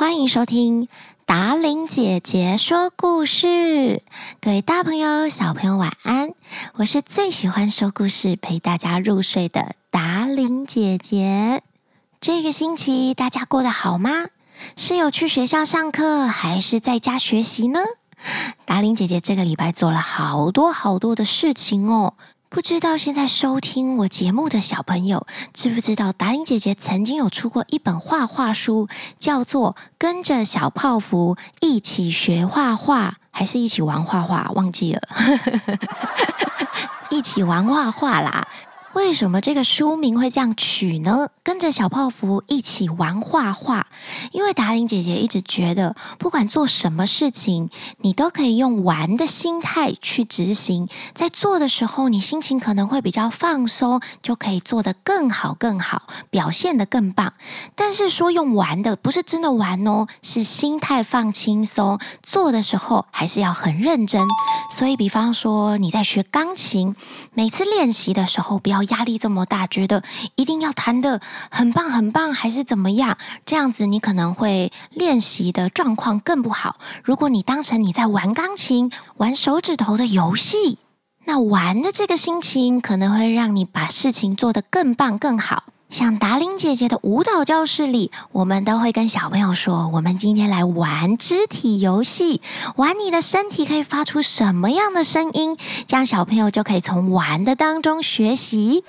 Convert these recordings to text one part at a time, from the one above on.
歡迎收聽達伶姐姐說故事，各位大朋友、小朋友晚安。我是最喜歡說故事陪大家入睡的達伶姐姐。這個星期大家過得好嗎？是有去學校上課，還是在家學習呢？達伶姐姐這個禮拜做了好多好多的事情哦。不知道現在收聽我節目的小朋友，知不知道達伶姐姐曾經有出過一本畫畫書，叫做《跟着小泡芙一起學畫畫》，還是一起玩畫畫？忘記了， 一起玩畫畫啦！為什麼這個書名會這樣取呢？跟着小泡芙一起玩畫畫，因為達伶姐姐一直覺得，不管做什麼事情，你都可以用玩的心態去執行。在做的時候，你心情可能會比較放鬆，就可以做得更好更好，表現得更棒。但是說用玩的，不是真的玩哦，是心態放輕鬆，做的時候還是要很認真。所以，比方說你在學鋼琴，每次練習的時候不要壓力這麼大，覺得一定要彈得很棒很棒，還是怎麼樣？這樣子你可能會練習的狀況更不好。如果你當成你在玩鋼琴、玩手指頭的遊戲，那玩的這個心情可能會讓你把事情做得更棒更好。像達伶姐姐的舞蹈教室裡，我們都會跟小朋友說：“我們今天來玩肢體遊戲，玩你的身體可以發出什麼樣的聲音？”這樣小朋友就可以從玩的當中學習。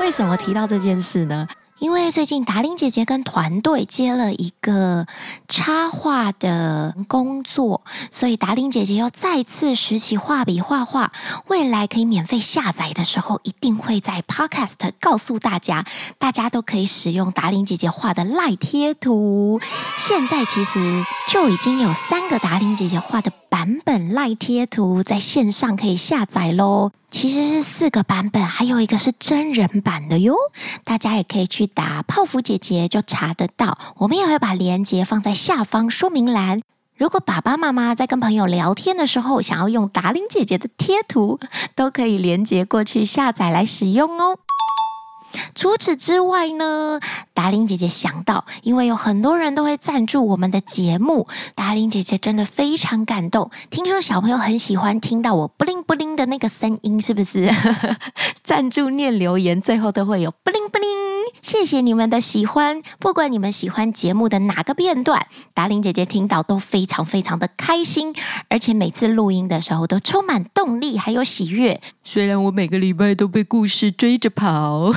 為什麼提到這件事呢？因為最近達伶姐姐跟團隊接了一個插畫的工作，所以達伶姐姐又再次拾起畫筆畫畫。未來可以免費下載的時候，一定會在 Podcast 告訴大家，大家都可以使用達伶姐姐畫的賴貼圖。現在其實就已經有三個達伶姐姐畫的。版本賴貼圖在線上可以下載咯其實是四個版本，還有一個是真人版的喲。大家也可以去打泡芙姐姐就查得到，我們也會把鏈接放在下方說明欄。如果爸爸媽媽在跟朋友聊天的時候，想要用達伶姐姐的貼圖，都可以連接過去下載來使用哦。除此之外呢，達伶姐姐想到，因為有很多人都會贊助我們的節目，達伶姐姐真的非常感動。聽說小朋友很喜歡聽到我“布靈布靈”的那個聲音，是不是？ 贊助念留言，最後都會有“布靈布靈”。謝謝你們的喜歡，不管你們喜歡節目的哪個片段，達伶姐姐聽到都非常非常的開心，而且每次錄音的時候都充滿動力還有喜悅。雖然我每個禮拜都被故事追着跑，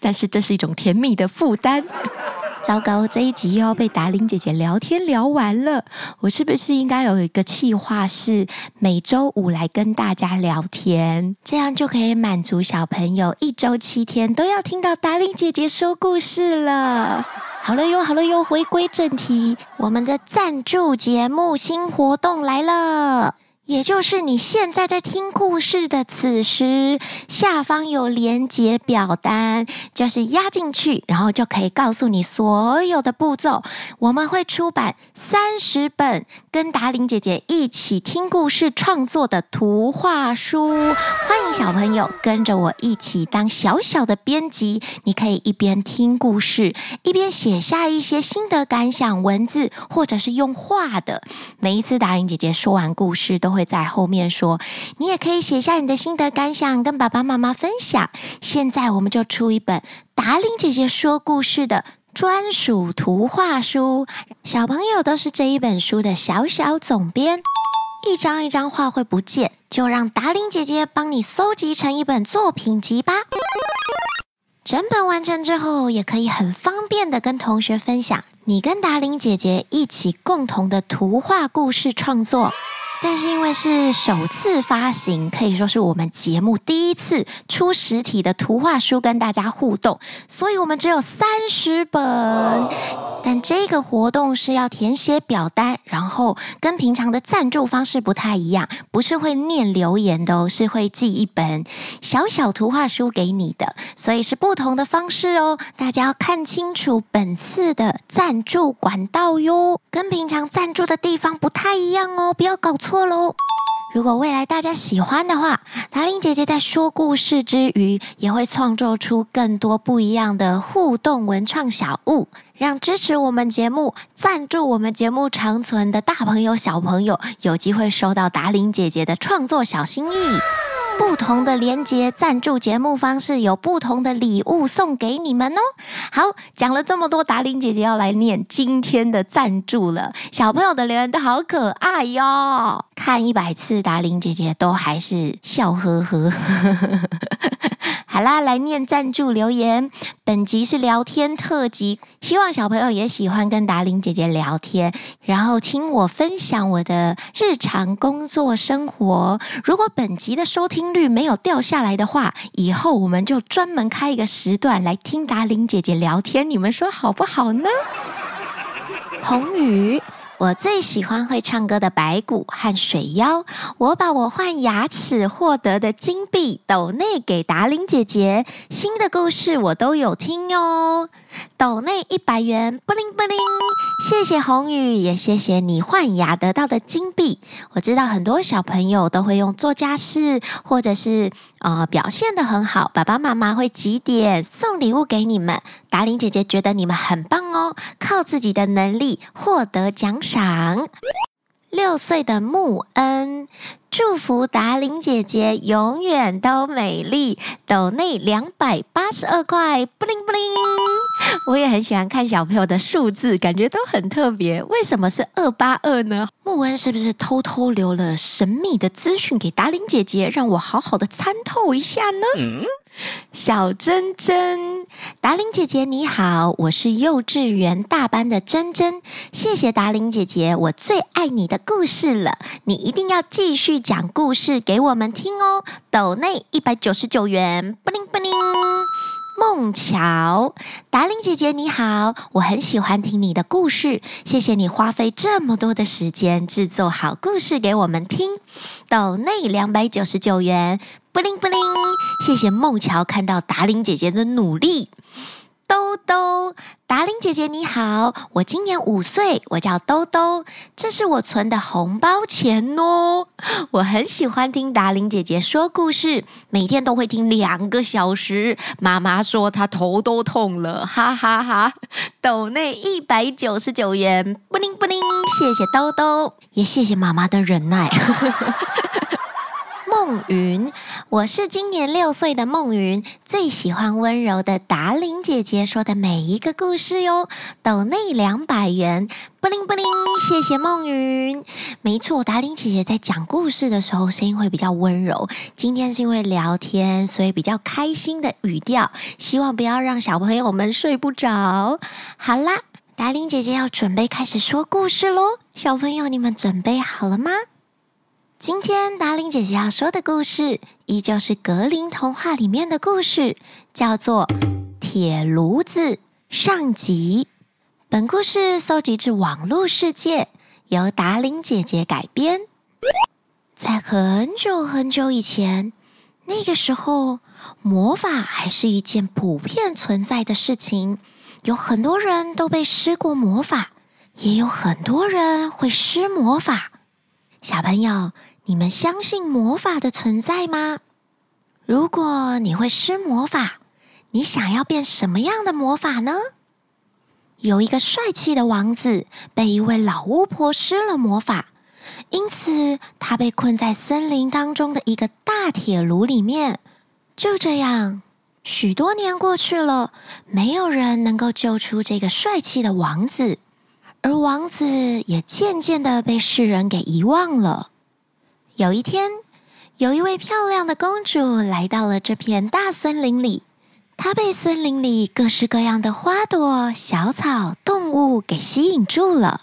但是這是一種甜蜜的負擔。糟糕，這一集又要被達伶姐姐聊天聊完了。我是不是應該有一個企劃，是每周五來跟大家聊天，這樣就可以滿足小朋友一周七天都要聽到達伶姐姐說故事了。好了喲，好了喲，回歸正題，我們的贊助節目新活動來了。也就是你現在在聽故事的此時，下方有連接表單，就是壓進去，然後就可以告訴你所有的步驟。我們會出版三十本跟達伶姐姐一起聽故事創作的圖畫書，歡迎小朋友跟着我一起當小小的編輯。你可以一邊聽故事，一邊寫下一些心得感想文字，或者是用畫的。每一次達伶姐姐說完故事，都會。在後面說，你也可以寫下你的心得感想，跟爸爸媽媽分享。現在我們就出一本達伶姐姐說故事的專屬圖畫書，小朋友都是這一本書的小小總編，一張一張畫會不見，就讓達伶姐姐幫你搜集成一本作品集吧。整本完成之後，也可以很方便的跟同學分享你跟達伶姐姐一起共同的圖畫故事創作。但是因為是首次發行，可以說是我們節目第一次出實體的圖畫書跟大家互動，所以我們只有三十本。但這個活動是要填寫表單，然後跟平常的贊助方式不太一樣，不是會念留言的哦，是會寄一本小小圖畫書給你的，所以是不同的方式哦，大家要看清楚本次的贊助管道喲，跟平常贊助的地方不太一樣哦，不要搞錯。如果未來大家喜歡的話，達伶姐姐在說故事之餘，也會創作出更多不一樣的互動文創小物，讓支持我們節目、贊助我們節目長存的大朋友、小朋友有機會收到達伶姐姐的創作小心意。不同的連結贊助節目方式，有不同的禮物送給你們哦。好，講了這麼多，達玲姐姐要來念今天的贊助了。小朋友的留言都好可愛喲、哦，看一百次，達玲姐姐都還是笑呵呵。 好啦，來念贊助留言。本集是聊天特輯，希望小朋友也喜歡跟達伶姐姐聊天，然後聽我分享我的日常工作生活。如果本集的收聽率沒有掉下來的話，以後我們就專門開一個時段來聽達伶姐姐聊天，你們說好不好呢？ 紅宇。我最喜歡會唱歌的白骨和水妖。我把我換牙齒獲得的金幣抖內給達伶姐姐。新的故事我都有聽喲、哦。斗內一百元，布靈布靈，謝謝紅宇，也謝謝你換牙得到的金幣。我知道很多小朋友都會用做家事，或者是呃表現得很好，爸爸媽媽會幾點送禮物給你們。達伶姐姐覺得你們很棒哦，靠自己的能力獲得獎賞。六歲的穆恩。祝福達伶姐姐永遠都美麗，抖內兩百八十二塊，布靈布靈。我也很喜歡看小朋友的數字，感覺都很特別。為什麼是二八二呢？木恩是不是偷偷留了神秘的資訊給達伶姐姐，讓我好好的參透一下呢？嗯小珍珍，達伶姐姐你好，我是幼稚園大班的珍珍，謝謝達伶姐姐，我最愛你的故事了，你一定要繼續講故事給我們聽哦。抖內一百九十九元，不靈不靈。夢橋，達伶姐姐你好，我很喜歡聽你的故事，謝謝你花費這麼多的時間制作好故事給我們聽，抖內兩百九十九元，布靈布靈。謝謝夢橋看到達伶姐姐的努力。兜兜，達伶姐姐你好，我今年五歲，我叫兜兜，這是我存的紅包錢哦，我很喜歡聽達伶姐姐說故事，每天都會聽兩個小時，媽媽說她頭都痛了，哈哈哈，哈。斗內一百九十九元，不靈不靈，謝謝兜兜，也謝謝媽媽的忍耐。 夢云。我是今年六歲的夢雲，最喜歡溫柔的達伶姐姐說的每一個故事喲。抖內兩百元，布靈布靈，謝謝夢雲。沒錯，達伶姐姐在講故事的時候聲音會比較溫柔。今天是因為聊天，所以比較開心的語調，希望不要讓小朋友們睡不着。好啦，達伶姐姐要準備開始說故事嘍，小朋友你們準備好了嗎？今天達伶姐姐要說的故事依舊是格林童話裡面的故事，叫做《鐵爐子》上集。本故事蒐集自網絡世界，由達伶姐姐改編。在很久很久以前，那個時候魔法還是一件普遍存在的事情，有很多人都被施過魔法，也有很多人會施魔法。小朋友。你們相信魔法的存在嗎？如果你會施魔法，你想要變什麼樣的魔法呢？有一個帥氣的王子被一位老巫婆施了魔法，因此他被困在森林當中的一個大鐵爐裡面。就這樣，許多年過去了，沒有人能夠救出這個帥氣的王子，而王子也漸漸的被世人給遺忘了。有一天，有一位漂亮的公主來到了這片大森林裡。她被森林裡各式各樣的花朵、小草、動物給吸引住了。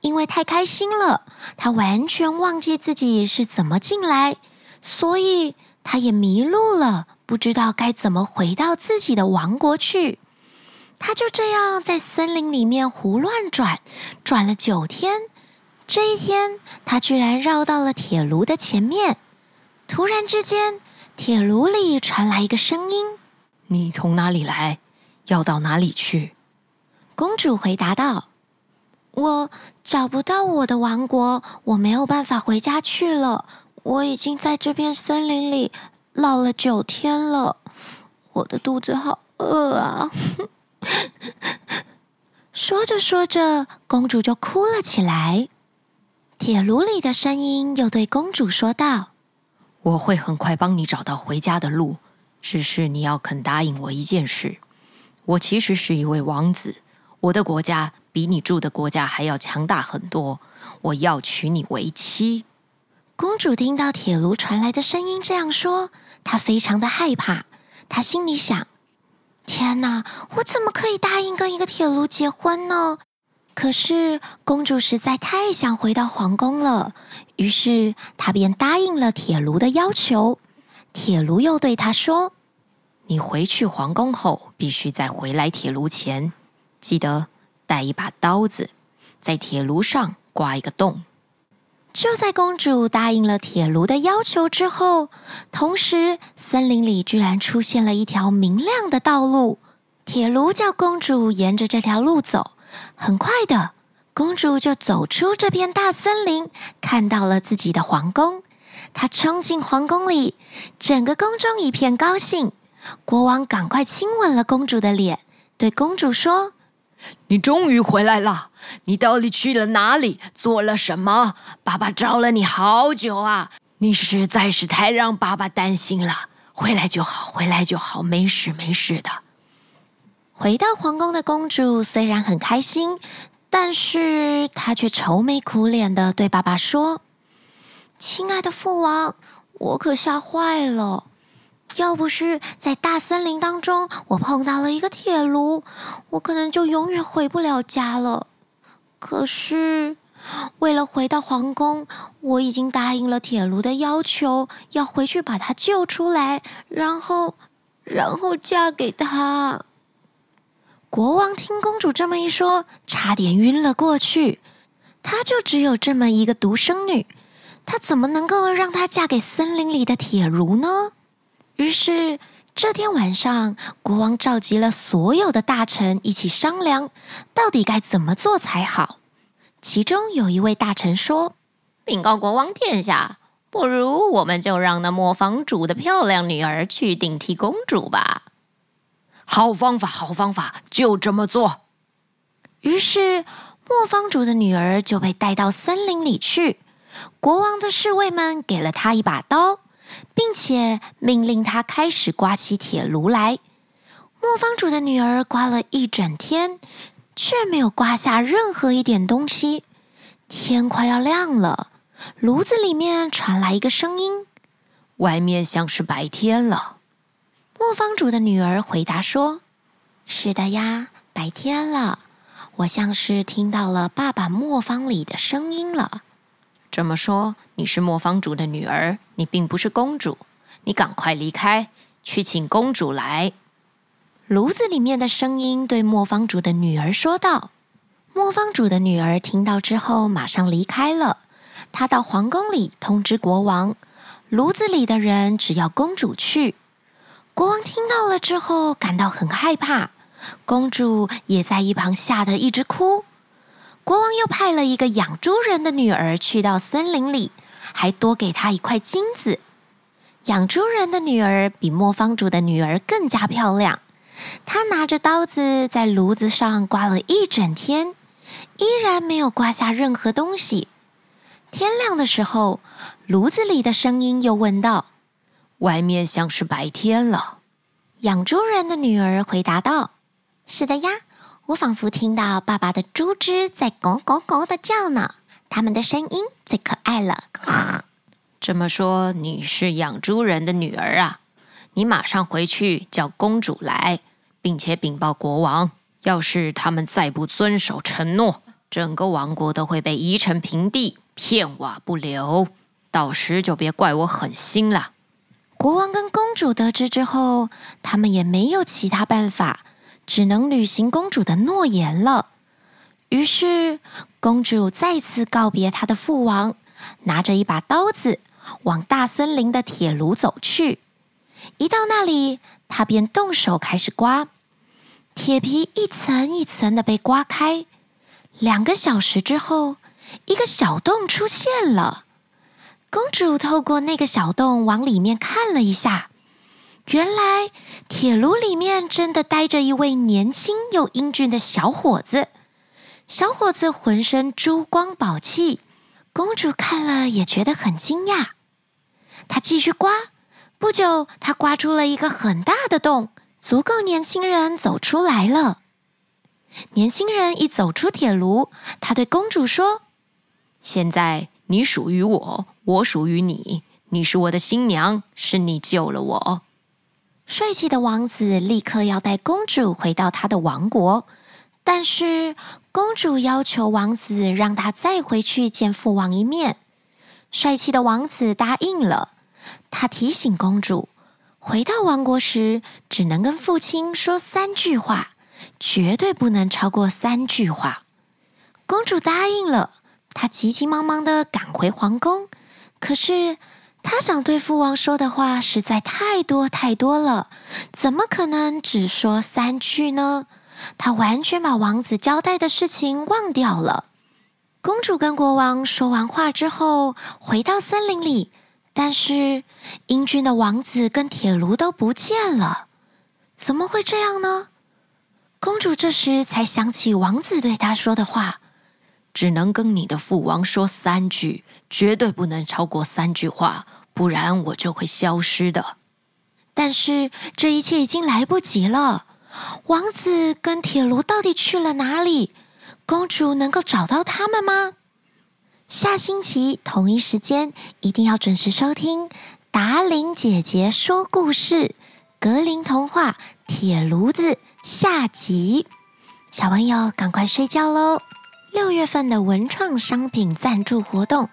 因為太開心了，她完全忘記自己是怎麼進來，所以她也迷路了，不知道該怎麼回到自己的王國去。她就這樣在森林裡面胡亂轉，轉了九天。這一天，他居然繞到了鐵爐的前面。突然之間，鐵爐裡傳來一個聲音：“你從哪裡來？要到哪裡去？”公主回答道：“我找不到我的王國，我沒有辦法回家去了。我已經在這片森林裡鬧了九天了，我的肚子好餓啊！” 說着說着，公主就哭了起來。鐵爐裡的聲音又對公主說道：“我會很快幫你找到回家的路，只是你要肯答應我一件事。我其實是一位王子，我的國家比你住的國家還要強大很多。我要娶你為妻。”公主聽到鐵爐傳來的聲音這樣說，她非常的害怕。她心裡想：“天哪，我怎麼可以答應跟一個鐵爐結婚呢？”可是公主實在太想回到皇宮了，於是她便答應了鐵爐的要求。鐵爐又對她說：“你回去皇宮後，必須在回來鐵爐前，記得帶一把刀子，在鐵爐上刮一個洞。”就在公主答應了鐵爐的要求之後，同時森林裡居然出現了一條明亮的道路。鐵爐叫公主沿着這條路走。很快的，公主就走出這片大森林，看到了自己的皇宮。她衝進皇宮裡，整個宮中一片高興。國王趕快親吻了公主的臉，對公主說：“你終於回來了！你到底去了哪裡？做了什麼？爸爸找了你好久啊！你實在是太讓爸爸擔心了。回來就好，回來就好，沒事沒事的。”回到皇宮的公主雖然很開心，但是她卻愁眉苦臉地對爸爸說：“親愛的父王，我可嚇壞了。要不是在大森林當中我碰到了一個鐵爐，我可能就永遠回不了家了。可是為了回到皇宮，我已經答應了鐵爐的要求，要回去把他救出來，然後，然後嫁給他。”國王聽公主這麼一說，差點暈了過去。他就只有這麼一個獨生女，他怎麼能夠讓她嫁給森林裡的鐵爐呢？於是這天晚上，國王召集了所有的大臣一起商量，到底該怎麼做才好。其中有一位大臣說：“稟告國王殿下，不如我們就讓那磨坊主的漂亮女兒去頂替公主吧。”好方法，好方法，就這麼做。於是，磨坊主的女兒就被帶到森林裡去。國王的侍衛們給了她一把刀，並且命令她開始刮起鐵爐來。磨坊主的女兒刮了一整天，卻沒有刮下任何一點東西。天快要亮了，爐子裡面傳來一個聲音：“外面像是白天了。”磨坊主的女兒回答說：“是的呀，白天了，我像是聽到了爸爸磨坊裡的聲音了。這麼說，你是磨坊主的女兒，你並不是公主。你趕快離開，去請公主來。”爐子裡面的聲音對磨坊主的女兒說道。磨坊主的女兒聽到之後，馬上離開了。她到皇宮裡通知國王：“爐子裡的人，只要公主去。”國王聽到了之後，感到很害怕。公主也在一旁嚇得一直哭。國王又派了一個養豬人的女兒去到森林裡，還多給她一塊金子。養豬人的女兒比磨坊主的女兒更加漂亮。她拿着刀子在爐子上刮了一整天，依然沒有刮下任何東西。天亮的時候，爐子裡的聲音又問道。外面像是白天了，養豬人的女兒回答道：“是的呀，我仿佛聽到爸爸的豬只在‘咯咯咯’的叫呢，他們的聲音最可愛了。”這麼說，你是養豬人的女兒啊？你馬上回去叫公主來，並且禀報國王。要是他們再不遵守承諾，整個王國都會被夷成平地，片瓦不留。到時就別怪我狠心了。國王跟公主得知之後，他們也沒有其他辦法，只能履行公主的諾言了。於是，公主再次告別她的父王，拿着一把刀子，往大森林的鐵爐走去。一到那裡，她便動手開始刮，鐵皮一層一層地被刮開。兩個小時之後，一個小洞出現了。公主透過那個小洞往裡面看了一下，原來鐵爐裡面真的待著一位年輕又英俊的小伙子。小伙子渾身珠光寶氣，公主看了也覺得很驚訝。她繼續刮，不久她刮出了一個很大的洞，足夠年輕人走出來了。年輕人一走出鐵爐，他對公主說：“現在。”你屬於我，我屬於你。你是我的新娘，是你救了我。帥氣的王子立刻要帶公主回到他的王國，但是公主要求王子讓他再回去見父王一面。帥氣的王子答應了，他提醒公主，回到王國時只能跟父親說三句話，絕對不能超過三句話。公主答應了。他急急忙忙地趕回皇宮，可是他想對父王說的話實在太多太多了，怎麼可能只說三句呢？他完全把王子交代的事情忘掉了。公主跟國王說完話之後，回到森林裡，但是英俊的王子跟鐵爐都不見了，怎麼會這樣呢？公主這時才想起王子對她說的話。只能跟你的父王說三句，絕對不能超過三句話，不然我就會消失的。但是這一切已經來不及了。王子跟鐵爐到底去了哪裡？公主能夠找到他們嗎？下星期同一時間一定要準時收聽《達伶姐姐說故事·格林童話·鐵爐子》下集。小朋友，趕快睡覺嘍！六月份的文創商品贊助活動，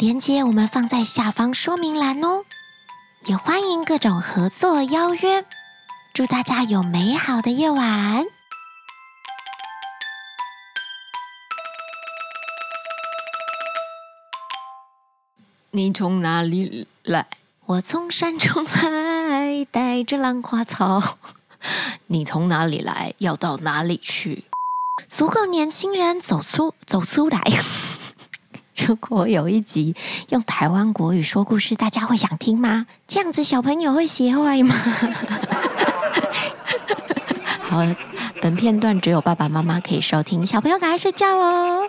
鏈接我們放在下方說明欄哦。也歡迎各種合作邀約。祝大家有美好的夜晚。你從哪裡來？我從山中來，帶着蘭花草。 你從哪裡來？要到哪裡去？足夠年輕人走出走出來。 如果有一集用台灣國語說故事，大家會想聽嗎？這樣子小朋友會學壞嗎？ 好，本片段只有爸爸媽媽可以收聽，小朋友趕快睡覺哦。